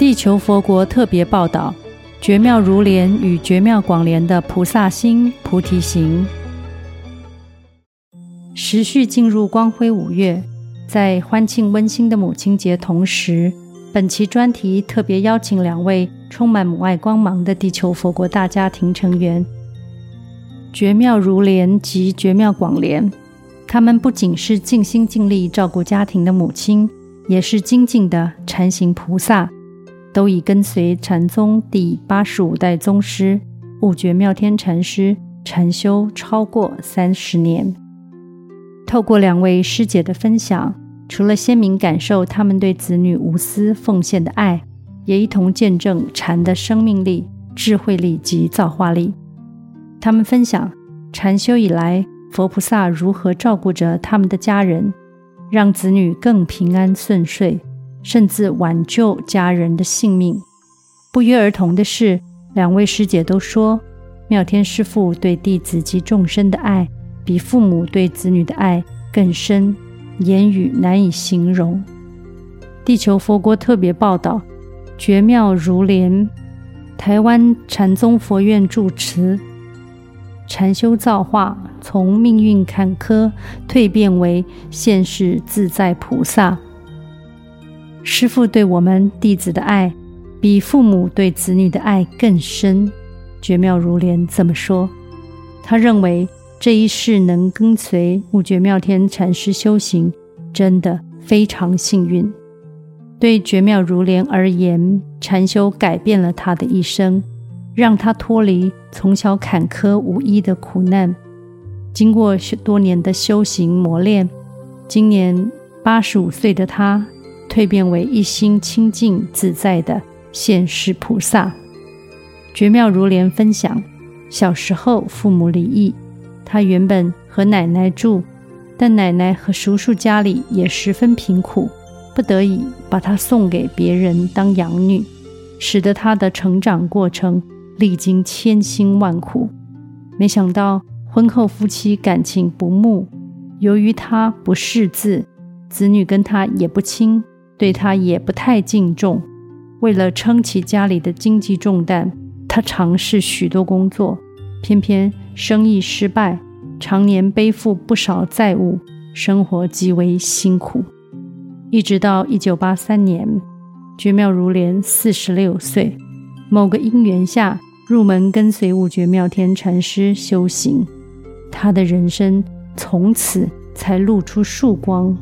地球佛國特別報導：覺妙如蓮與覺妙廣蓮的菩薩心、菩提行。時序進入光輝五月，在歡慶溫馨的母親節同時，本期專題特別邀請兩位充滿母愛光芒的地球佛國大家庭成員——覺妙如蓮及覺妙廣蓮。她們不僅是盡心盡力照顧家庭的母親，也是精進的禪行菩薩。都已跟隨禪宗第八十五代宗師悟覺妙天禪師禪修超過三十年。透過兩位師姐的分享，除了鮮明感受他們對子女無私奉獻的愛，也一同見證禪的生命力、智慧力及造化力。他們分享禪修以來，佛菩薩如何照顧着他們的家人，讓子女更平安順遂。甚至挽救家人的性命。不約而同的是，兩位師姐都說，妙天師父對弟子及眾生的愛，比父母對子女的愛更深，言語難以形容。地球佛國特別報道：覺妙如蓮，台灣禪宗佛院住持，禪修造化，從命運坎坷蛻變為現世自在菩薩。師父對我們弟子的愛，比父母對子女的愛更深。覺妙如蓮怎麼說？他認為這一世能跟隨悟覺妙天禪師修行，真的非常幸運。對覺妙如蓮而言，禪修改變了他的一生，讓他脫離從小坎坷無依的苦難。經過許多年的修行磨練，今年八十五歲的他，蛻變為一心清淨自在的現世菩薩，覺妙如蓮分享。小時候父母離異，她原本和奶奶住，但奶奶和叔叔家裡也十分貧苦，不得已把她送給別人當養女，使得她的成長過程歷經千辛萬苦。沒想到婚後夫妻感情不睦，由於她不識字，子女跟她也不親。對他也不太敬重。為了撐起家裡的經濟重擔，他嘗試許多工作，偏偏生意失敗，常年背負不少債務，生活極為辛苦。一直到一九八三年，覺妙如蓮四十六歲，某個因緣下入門跟隨悟覺妙天禪師修行，他的人生從此才露出曙光。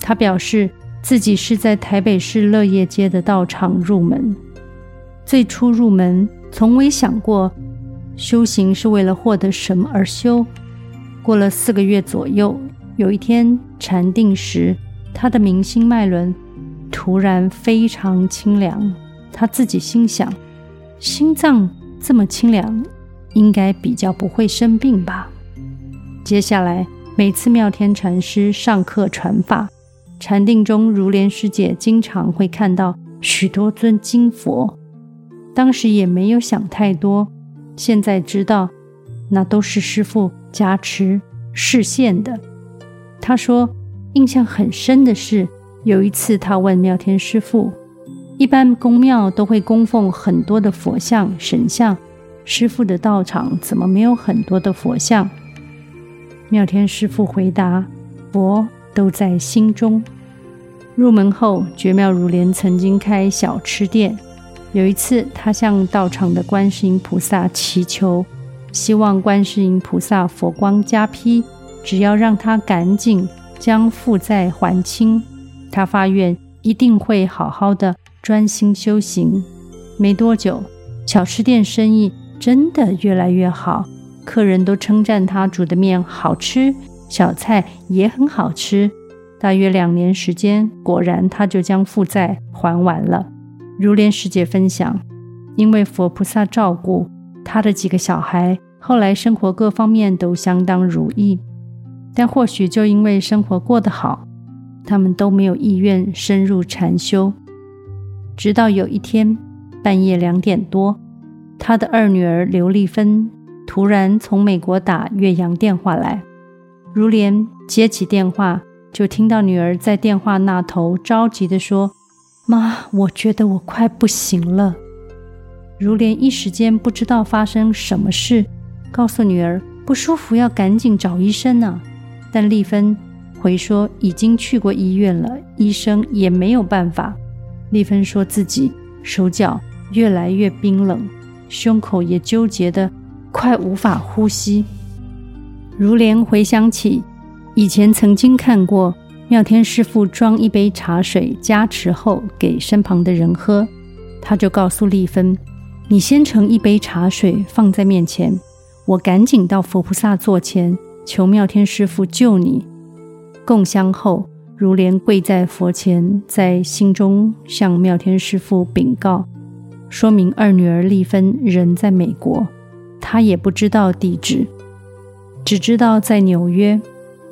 他表示，自己是在台北市樂業街的道場入門，最初入門從未想過修行是為了獲得什麼而修。過了四個月左右，有一天禪定時，他的明心脈輪突然非常清涼。他自己心想：心臟這麼清涼，應該比較不會生病吧。接下來每次妙天禪師上課傳法。禪定中，如蓮師姐經常會看到許多尊金佛，當時也沒有想太多。現在知道，那都是師父加持示現的。他說，印象很深的是有一次，他問妙天師父：“一般宮廟都會供奉很多的佛像、神像，師父的道場怎麼沒有很多的佛像？”妙天師父回答：“佛都在心中。”入門後，覺妙如蓮曾經開小吃店。有一次，他向道場的觀世音菩薩祈求，希望觀世音菩薩佛光加被，只要讓他趕緊將負債還清。他發願，一定會好好的專心修行。沒多久，小吃店生意真的越來越好，客人都稱讚他煮的面好吃，小菜也很好吃。大約兩年時間，果然他就將負債還完了。如蓮師姐分享，因為佛菩薩照顧他的幾個小孩，後來生活各方面都相當如意。但或許就因為生活過得好，他們都沒有意願深入禪修。直到有一天半夜兩點多，他的二女兒劉麗芬突然從美國打越洋電話來，如蓮接起電話。就聽到女兒在電話那頭着急地說：“媽，我覺得我快不行了。”如蓮一時間不知道發生什麼事，告訴女兒不舒服要趕緊找醫生呢、啊。但麗芬回說已經去過醫院了，醫生也沒有辦法。麗芬說自己手腳越來越冰冷，胸口也糾結得快無法呼吸。如蓮回想起。以前曾經看過妙天師父裝一杯茶水加持後給身旁的人喝，他就告訴麗芬：“你先盛一杯茶水放在面前，我趕緊到佛菩薩座前求妙天師父救你。”供香後，如蓮跪在佛前，在心中向妙天師父稟告，說明二女兒麗芬人在美國，她也不知道地址，只知道在紐約。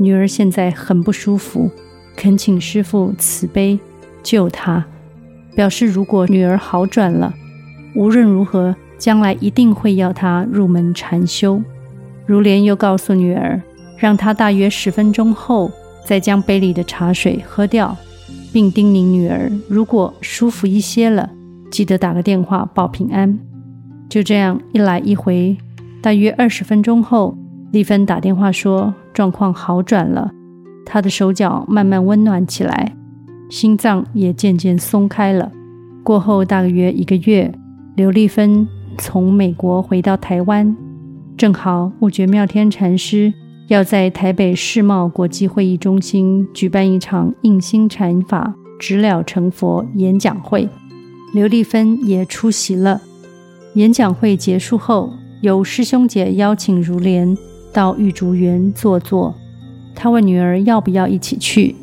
女兒現在很不舒服，懇請師父慈悲救她。表示如果女兒好轉了，無論如何將來一定會要她入門禪修。如蓮又告訴女兒，讓她大約十分鐘後再將杯裡的茶水喝掉，並叮嚀女兒如果舒服一些了，記得打個電話報平安。就這樣一來一回，大約二十分鐘後，麗芬打電話說。狀況好轉了，他的手腳慢慢溫暖起來，心臟也漸漸鬆開了。過後大約一個月，劉麗芬從美國回到台灣，正好悟覺妙天禪師要在台北世貿國際會議中心舉辦一場“印心禪法，直了成佛”演講會，劉麗芬也出席了。演講會結束後，由師兄姐邀請如蓮。到玉竹園坐坐，他問女兒要不要一起去。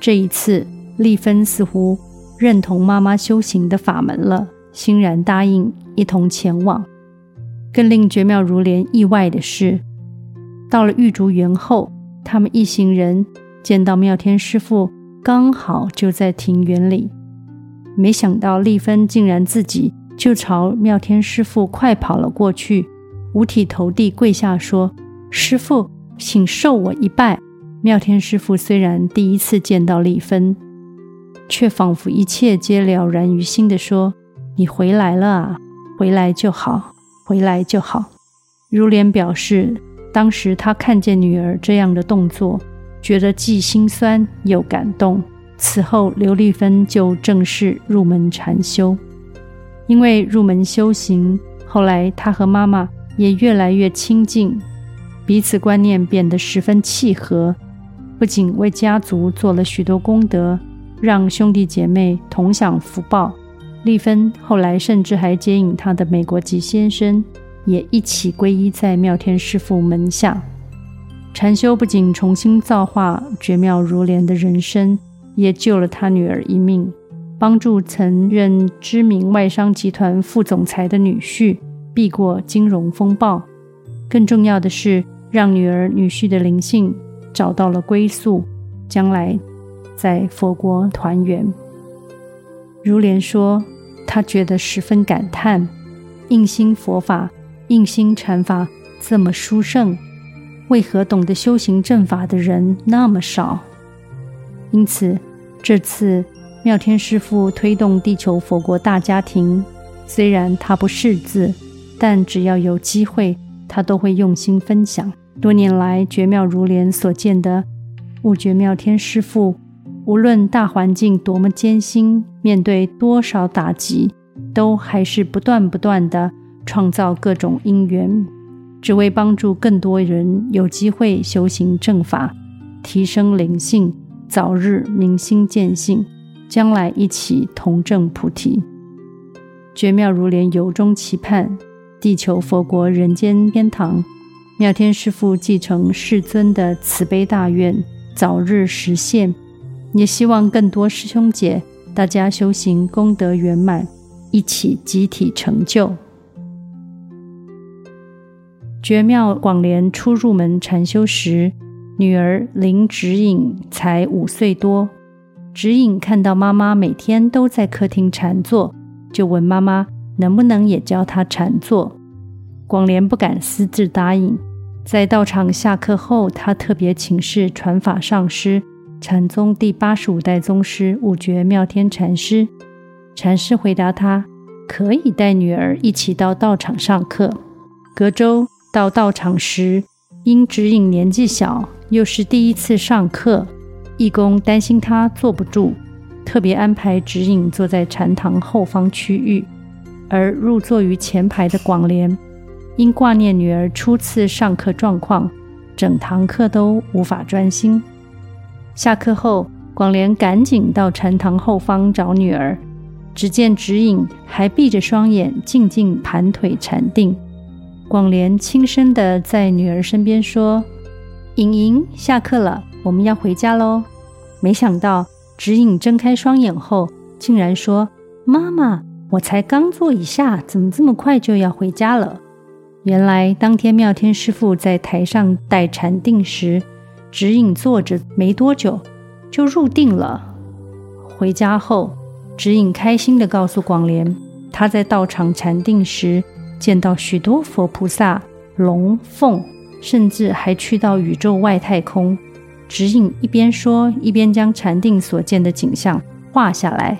這一次，麗芬似乎認同媽媽修行的法門了，欣然答應一同前往。更令覺妙如蓮意外的是，到了玉竹園後，他們一行人見到妙天師父剛好就在庭園裡。沒想到麗芬竟然自己就朝妙天師父快跑了過去，五體投地跪下說。師父，請受我一拜。妙天師父雖然第一次見到麗芬，卻仿佛一切皆了然於心地說：“你回來了啊，回來就好，回來就好。”如蓮表示，當時她看見女兒這樣的動作，覺得既心酸又感動。此後，劉麗芬就正式入門禪修，因為入門修行，後來她和媽媽也越來越親近。彼此觀念變得十分契合，不僅為家族做了許多功德，讓兄弟姐妹同享福報。麗芬後來甚至還接引她的美國籍先生也一起皈依在妙天師父門下。禪修不僅重新造化覺妙如蓮的人生，也救了他女兒一命，幫助曾任知名外商集團副總裁的女婿避過金融風暴。更重要的是，讓女兒女婿的靈性找到了歸宿，將來在佛國團圓。如蓮說，她覺得十分感嘆，印心佛法、印心禪法這麼殊勝，為何懂得修行正法的人那麼少？因此，這次妙天師父推動地球佛國大家庭，雖然他不識字，但只要有機會，他都會用心分享。多年來，覺妙如蓮所見的悟覺妙天師父，無論大環境多麼艱辛，面對多少打擊，都還是不斷不斷的創造各種因緣，只為幫助更多人有機會修行正法，提升靈性，早日明心見性，將來一起同證菩提。覺妙如蓮由衷期盼地球佛國人間天堂，妙天師父繼承世尊的慈悲大願，早日實現，也希望更多師兄姐，大家修行功德圓滿，一起集體成就。覺妙廣蓮初入門禪修時，女兒林芷穎才五歲多，芷穎看到媽媽每天都在客廳禪坐，就問媽媽能不能也教她禪坐。廣蓮不敢私自答應，在道場下課後，他特別請示傳法上師、禪宗第八十五代宗師悟覺妙天禪師。禪師回答他，可以帶女兒一起到道場上課。隔週到道場時，因指引年紀小，又是第一次上課，義工擔心他坐不住，特別安排指引坐在禪堂後方區域，而入座於前排的廣蓮。因掛念女兒初次上課狀況，整堂課都無法專心。下課後，廣蓮趕緊到禪堂後方找女兒，只見指引還閉着雙眼，靜靜盤腿禪定。廣蓮輕聲地在女兒身邊說：“瑩瑩，下課了，我們要回家嘍。”沒想到，指引睜開雙眼後，竟然說：“媽媽，我才剛坐一下，怎麼這麼快就要回家了？”原來當天妙天師父在台上帶禪定時，指引坐着沒多久就入定了。回家後，指引開心地告訴廣蓮，他在道場禪定時見到許多佛菩薩、龍鳳，甚至還去到宇宙外太空。指引一邊說，一邊將禪定所見的景象畫下來。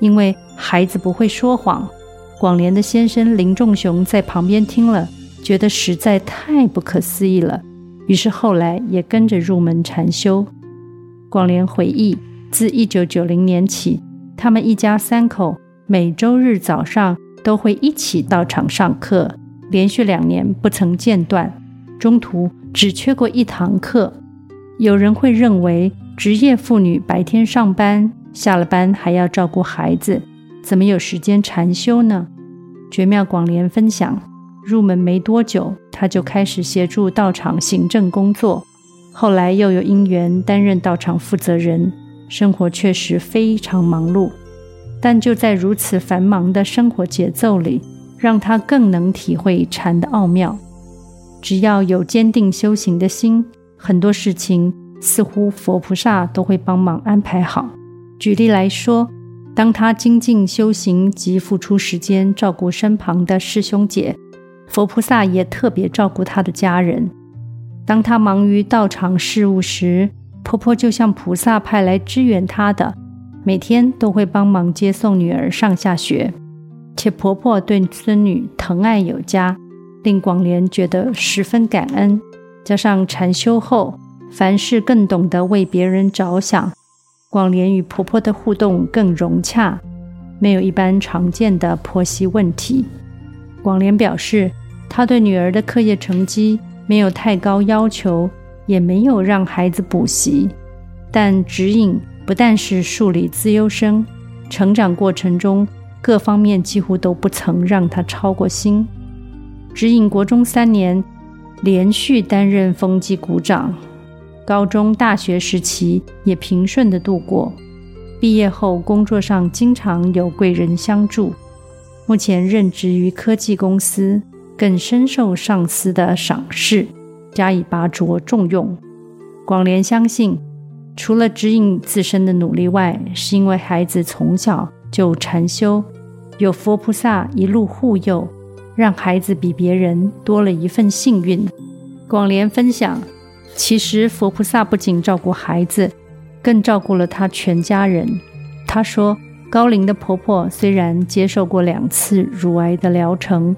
因為孩子不會說謊，廣蓮的先生林仲雄在旁邊聽了。覺得實在太不可思議了，於是後來也跟着入門禪修。廣蓮回憶，自1990年起，他們一家三口每週日早上都會一起到場上課，連續兩年不曾間斷，中途只缺過一堂課。有人會認為，職業婦女白天上班，下了班還要照顧孩子，怎麼有時間禪修呢？覺妙廣蓮分享。入門沒多久，他就開始協助道場行政工作，後來又有因緣擔任道場負責人，生活確實非常忙碌。但就在如此繁忙的生活節奏裡，讓他更能體會禪的奧妙。只要有堅定修行的心，很多事情似乎佛菩薩都會幫忙安排好。舉例來說，當他精進修行及付出時間照顧身旁的師兄姐。佛菩薩也特別照顧她的家人。當她忙於道場事務時，婆婆就像菩薩派來支援她的，每天都會幫忙接送女兒上下學，且婆婆對孫女疼愛有加，令廣蓮覺得十分感恩。加上禪修後，凡事更懂得為別人着想，廣蓮與婆婆的互動更融洽，沒有一般常見的婆媳問題。廣蓮表示，她對女兒的課業成績沒有太高要求，也沒有讓孩子補習。但指引不但是數理資優生，成長過程中各方面幾乎都不曾讓她操過心。指引國中三年連續擔任風紀股長，高中大學時期也平順地度過。畢業後工作上經常有貴人相助。目前任職於科技公司，更深受上司的賞識，加以拔擢重用。廣蓮相信，除了指引自身的努力外，是因為孩子從小就禪修，有佛菩薩一路護佑，讓孩子比別人多了一份幸運。廣蓮分享，其實佛菩薩不僅照顧孩子，更照顧了她全家人。她說。高齡的婆婆雖然接受過兩次乳癌的療程，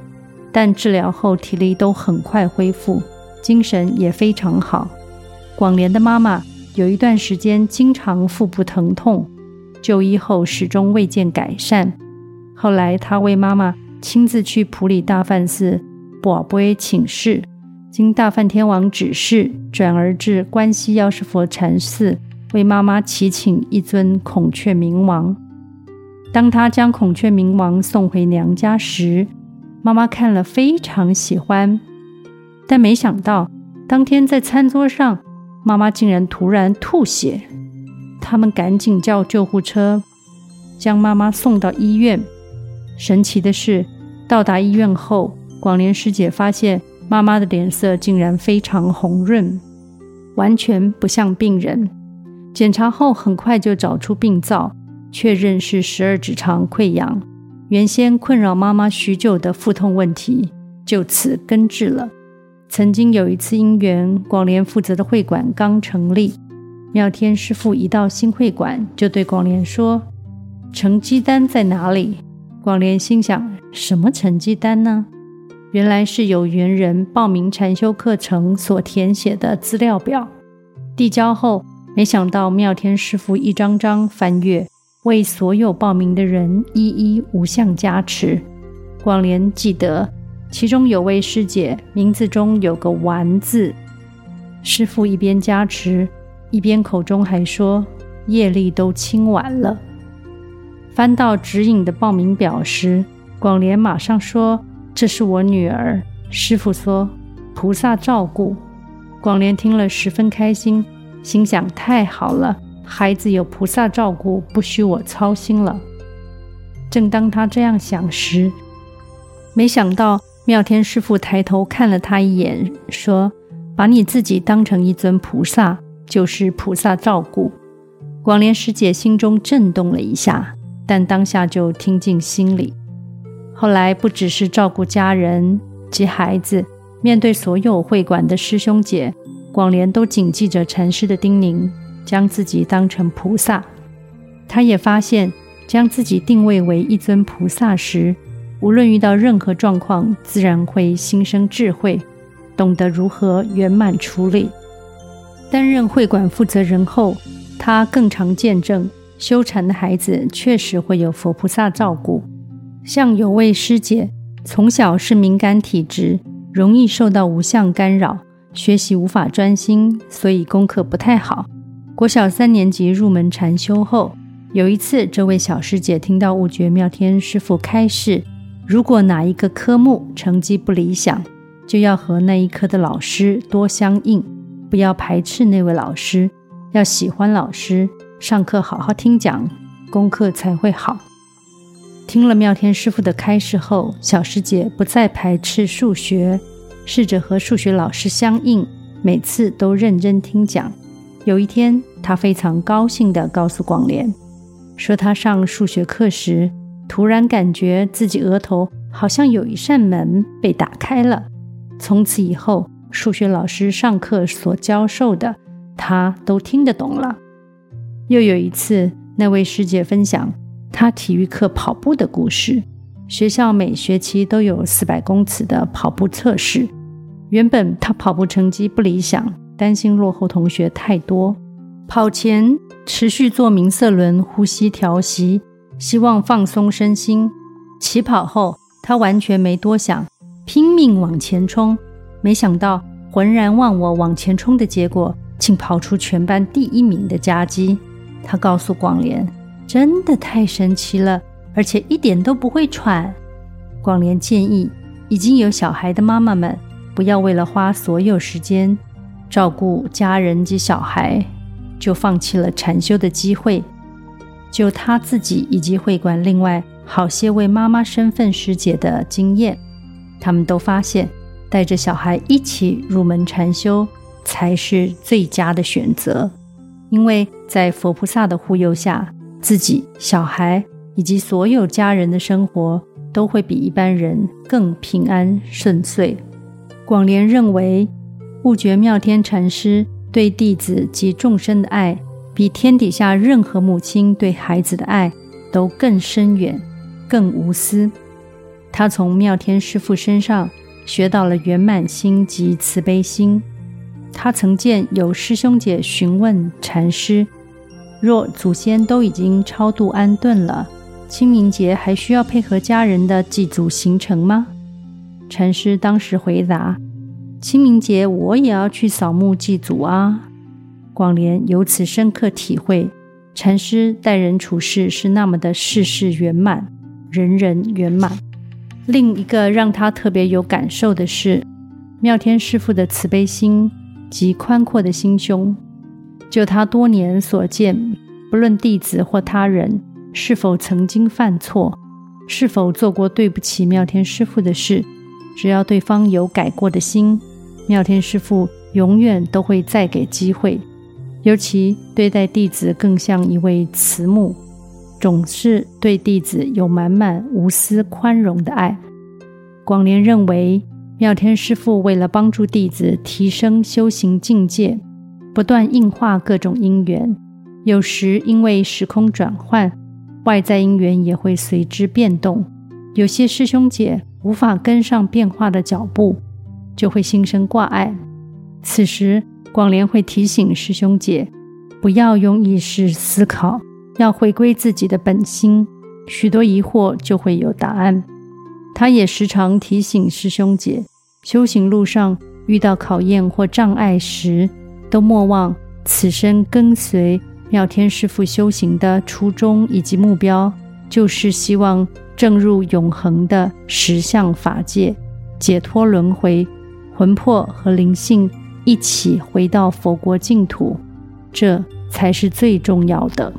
但治療後體力都很快恢復，精神也非常好。廣蓮的媽媽有一段時間經常腹部疼痛，就醫後始終未見改善。後來，她為媽媽親自去埔里大梵寺保貝請示，經大梵天王指示，轉而至關西藥師佛禪寺為媽媽祈請一尊孔雀明王。當她將孔雀明王送回娘家時，媽媽看了非常喜歡，但沒想到當天在餐桌上，媽媽竟然突然吐血。他們趕緊叫救護車，將媽媽送到醫院。神奇的是，到達醫院後，廣蓮師姐發現媽媽的臉色竟然非常紅潤，完全不像病人。檢查後，很快就找出病灶。確認是十二指腸潰瘍，原先困擾媽媽許久的腹痛問題就此根治了。曾經有一次因緣，廣蓮負責的會館剛成立，妙天師父一到新會館就對廣蓮說：“成績單在哪裡？”廣蓮心想：“什麼成績單呢？”原來是有緣人報名禪修課程所填寫的資料表，遞交後，沒想到妙天師父一張張翻閱。為所有報名的人一一無相加持。廣蓮記得，其中有位師姐名字中有個“丸”字。師父一邊加持，一邊口中還說：“業力都清完了。”翻到指引的報名表時，廣蓮馬上說：“這是我女兒。”師父說：“菩薩照顧。”廣蓮聽了十分開心，心想：“太好了。”孩子有菩薩照顧，不需我操心了。正當他這樣想時，沒想到妙天師父抬頭看了他一眼，說：“把你自己當成一尊菩薩，就是菩薩照顧。”廣蓮師姐心中震動了一下，但當下就聽進心裡。後來，不只是照顧家人及孩子，面對所有會館的師兄姐，廣蓮都謹記着禪師的叮嚀。將自己當成菩薩，他也發現，將自己定位為一尊菩薩時，無論遇到任何狀況，自然會心生智慧，懂得如何圓滿處理。擔任會館負責人後，他更常見證修禪的孩子確實會有佛菩薩照顧。像有位師姐，從小是敏感體質，容易受到無相干擾，學習無法專心，所以功課不太好。國小三年級入門禪修後，有一次，這位小師姐聽到悟覺妙天師父開示：“如果哪一個科目成績不理想，就要和那一科的老師多相應，不要排斥那位老師，要喜歡老師，上課好好聽講，功課才會好。”聽了妙天師父的開示後，小師姐不再排斥數學，試着和數學老師相應，每次都認真聽講。有一天，他非常高興地告訴廣蓮，說他上數學課時，突然感覺自己額頭好像有一扇門被打開了。從此以後，數學老師上課所教授的，他都聽得懂了。又有一次，那位師姐分享他體育課跑步的故事。學校每學期都有四百公尺的跑步測試，原本他跑步成績不理想。擔心落後同學太多，跑前持續做冥色輪呼吸調息，希望放鬆身心。起跑後，他完全沒多想，拼命往前衝。沒想到渾然忘我往前衝的結果，竟跑出全班第一名的佳績。他告訴廣蓮：“真的太神奇了，而且一點都不會喘。”廣蓮建議已經有小孩的媽媽們，不要為了花所有時間。照顧家人及小孩，就放棄了禪修的機會。就他自己以及會館另外好些位媽媽身份師姐的經驗，他們都發現帶着小孩一起入門禪修才是最佳的選擇，因為在佛菩薩的護佑下，自己、小孩以及所有家人的生活都會比一般人更平安順遂。廣蓮認為。悟覺妙天禪師對弟子及眾生的愛，比天底下任何母親對孩子的愛都更深遠、更無私。他從妙天師父身上學到了圓滿心及慈悲心。他曾見有師兄姐詢問禪師：若祖先都已經超度安頓了，清明節還需要配合家人的祭祖行程嗎？禪師當時回答。清明節我也要去掃墓祭祖啊！廣蓮由此深刻體會，禪師待人處事是那麼的世事圓滿，人人圓滿。另一個讓她特別有感受的是妙天師父的慈悲心及寬闊的心胸。就她多年所見，不論弟子或他人是否曾經犯錯，是否做過對不起妙天師父的事，只要對方有改過的心。妙天師父永遠都會再給機會，尤其對待弟子更像一位慈母，總是對弟子有滿滿無私寬容的愛。廣蓮認為，妙天師父為了幫助弟子提升修行境界，不斷應化各種因緣。有時因為時空轉換，外在因緣也會隨之變動，有些師兄姐無法跟上變化的腳步，就會心生掛礙，此時廣蓮會提醒師兄姐，不要用意識思考，要回歸自己的本心，許多疑惑就會有答案。她也時常提醒師兄姐，修行路上遇到考驗或障礙時，都莫忘此生跟隨妙天師父修行的初衷以及目標，就是希望證入永恆的實相法界，解脫輪迴。魂魄和靈性一起回到佛國淨土，這才是最重要的。